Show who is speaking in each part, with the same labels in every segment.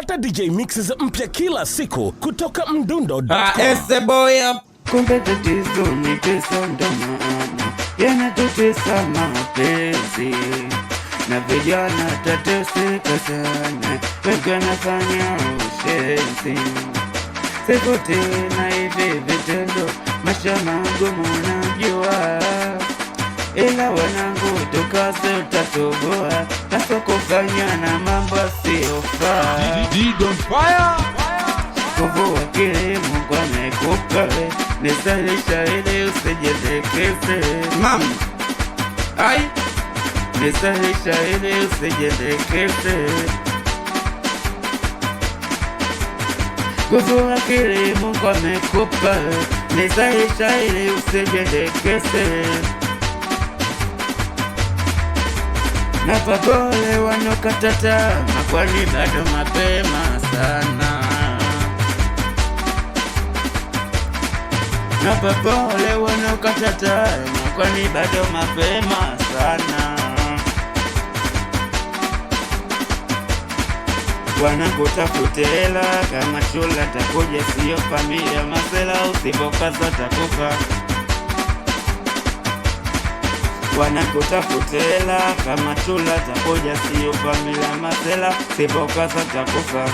Speaker 1: Pata DJ mixes mpya kila siku kutoka mdundo.
Speaker 2: Ah,
Speaker 3: Kumbe tatizo ni pesa, ndo maana yanatutesa mapenzi na vijana tateseka sana, wengi wanafanya ushezi siku na hivi vitendo, maisha magumu najua, ila wana kazi utatoboa, nasokofanya na mambo asiyofaa. Kuvua kile Mungu amekupa, nisalisha ili usijendekeze.
Speaker 1: Mama ai,
Speaker 3: nisalisha ili usijendekeze. Kuvua kile Mungu amekupa, nisalisha ili usijendekeze. Hapa pole wanaokata tamaa, kwani bado mapema sana. Hapa pole wanaokata tamaa, kwani bado mapema sana. Wanakutafutela kama chula takuja, siyo familia masela, usipokaza takufa wanakutafutela kama chula takoja sio pamela masela sipokasa takufa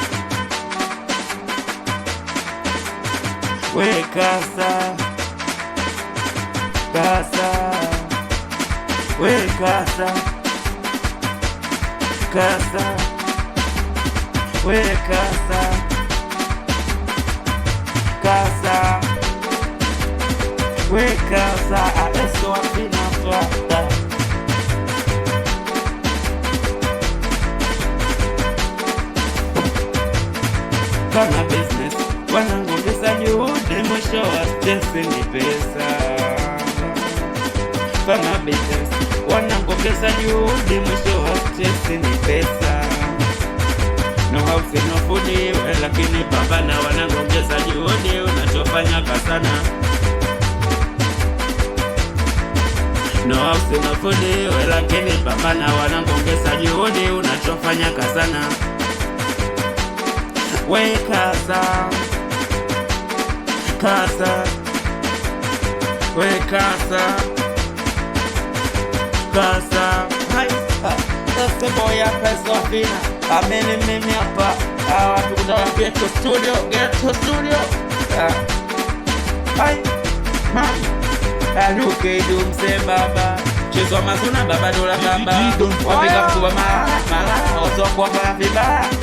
Speaker 3: we kasa kasa kasa kasa kasa Wekaza adesso appena fatta Kama business wanangu pesa juhude, mwisho wa stress ni pesa. Kama business wanangu pesa juhude, mwisho wa stress ni pesa. No house no food, lakini pambana wanangu, pesa juhude, unachofanya kasana noafsi nofudi we, lakini pambana, wanangongeza juhudi, unachofanya kasana, we, kaza kaza we, kaza kaza
Speaker 2: seboya pesofina amini mimi hapa awatu kutoka geto studio geto studio Hai, mami anukedu msembamba chezwa mazuna baba dola bamba wapiga mkuba ma ma ozokwa kwa viba